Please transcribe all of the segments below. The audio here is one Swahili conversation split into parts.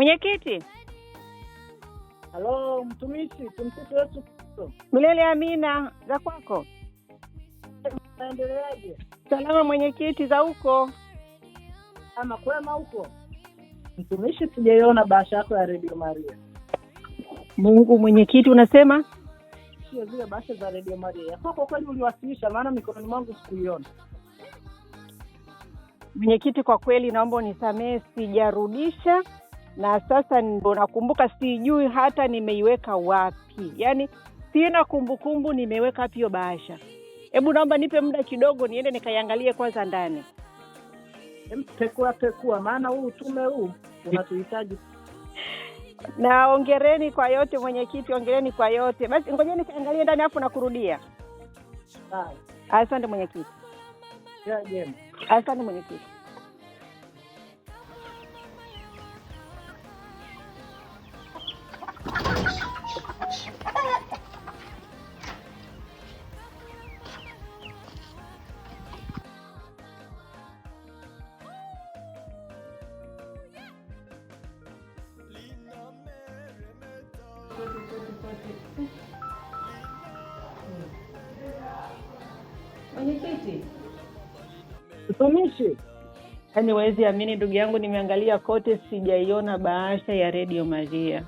Mwenyekiti. Halo, mtumishi, tumsifu Yesu Kristo. Milele amina. Za kwako naendeleaje? Salama mwenyekiti, za huko ama kwema huko? Mtumishi, sijaiona bahasha yako ya Radio Maria. Mungu mwenyekiti, unasema sio zile bahasha za Radio Maria kwa kweli uliwasilisha? Maana mikononi mwangu sikuiona. Mwenyekiti, kwa kweli naomba unisamehe, sijarudisha na sasa ndo nakumbuka, sijui hata nimeiweka wapi, yaani sina kumbukumbu nimeweka wapi hiyo bahasha. Hebu naomba nipe muda kidogo, niende nikaiangalie kwanza ndani. Pekua pekua, maana huu utume huu unatuhitaji. Na ongereni kwa yote, mwenyekiti, ongereni kwa yote. Basi ngoje nikaangalie ndani, afu nakurudia. Asante mwenyekiti. Asante mwenyekiti. Mwenyekiti mtumishi, yaani amini ndugu yangu, nimeangalia kote sijaiona bahasha ya redio Maria.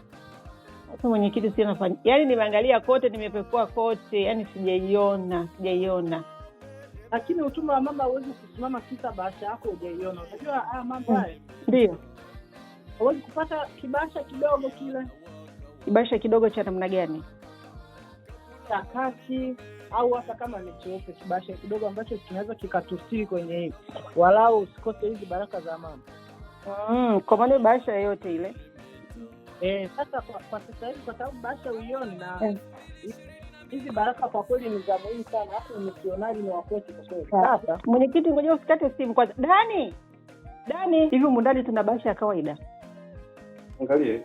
Sasa mwenyekiti, si nafanya yaani, nimeangalia kote, nimepekua kote, yaani sijaiona, sijaiona. Lakini utuma wa mama huwezi kusimama kisa bahasha yako hujaiona. Unajua haya ah, mambo hmm. haya, ndio huwezi kupata kibahasha kidogo kile kibasha kidogo cha namna gani? Cha au hata kama ni cheupe, kibasha kidogo ambacho kinaweza kikatusii kwenye hii walau usikose hizi baraka za mama. Mm, kwa maana bahasha yoyote ile eh. Sasa kwa, kwa sasa hivi kwa sababu bahasha uioni na eh, hizi baraka kwa kweli ni za muhimu sana, hata misionari ni wakwetu kwa Sasa mwenyekiti, ngoja usikate simu kwanza. Dani, Dani, hivi mundani tuna bahasha ya kawaida? Angalie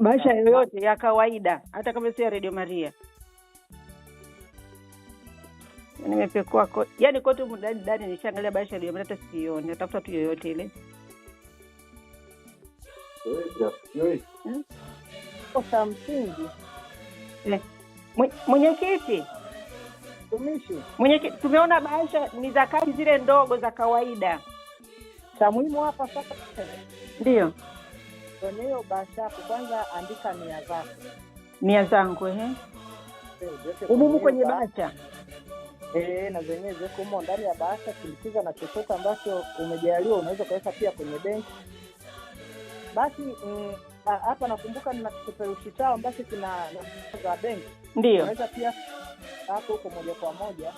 maisha yoyote ya kawaida, hata kama sio ya Radio Maria. Nimepekua ko, yani kote ndani ndani nishaangalia maisha ya Radio Maria, hata sioni, natafuta tu yoyote ile kosa msingi. Eh, mwenyekiti, mwenyekiti, tumeona baisha ni za kazi zile ndogo za kawaida, cha muhimu hapa sasa ndio Oneo bashapo kwanza andika nia zako. Nia zangu ehe. Umumu eh, kwenye basha. Eh, na zenyewe ziko humo ndani ya bahasha, sindikiza na chochote ambacho umejaliwa, unaweza ukaweka pia kwenye benki. Basi mm, hapa nakumbuka nina kipeperushi chao ambacho kina za benki, ndio unaweza pia hapo huko moja kwa moja,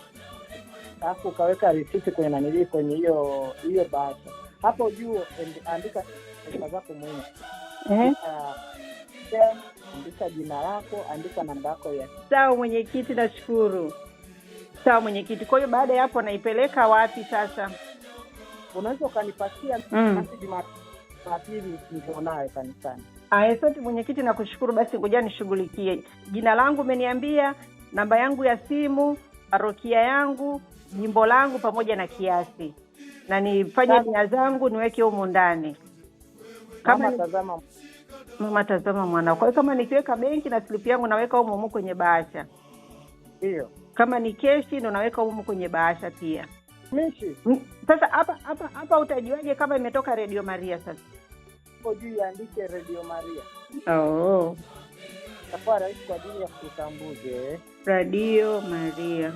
alafu ukaweka risiti kwenye nanilii kwenye hiyo hiyo bahasha hapo juu andika taarifa zako mwenye eh? ah, andika jina lako, andika namba yako ya. Sawa mwenyekiti, nashukuru. Sawa mwenyekiti. Kwa hiyo baada ya hapo naipeleka wapi sasa? Unaweza ukanipatia mm. Jumapili mm. nionawe kanisani. Ah, asante mwenyekiti, nakushukuru. Basi ngoja nishughulikie. Jina langu umeniambia, namba yangu ya simu, parokia yangu jimbo langu pamoja na kiasi, na nifanye nia zangu niweke humu ndani. Kama tazama mama, tazama mwanao. Kwa hiyo kama nikiweka benki na slipu yangu naweka humu humu kwenye bahasha, ndio. Kama ni keshi ndo naweka humu kwenye bahasha pia. Mishi, sasa hapa hapa hapa utajuaje kama imetoka Radio Maria? Sasa hapo juu iandike Radio Maria. Oh, itakuwa rahisi kwa ajili ya kutambuze eh. Radio Maria.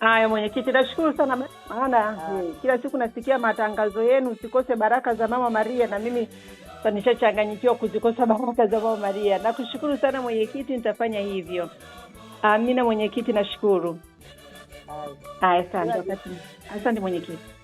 Haya mwenyekiti, nashukuru sana maana ah. eh, kila siku nasikia matangazo yenu, usikose baraka za mama Maria, na mimi nishachanganyikiwa kuzikosa baraka za mama Maria. Nakushukuru sana mwenyekiti, nitafanya hivyo. Amina mwenyekiti, nashukuru. Haya, asante. Asante mwenyekiti.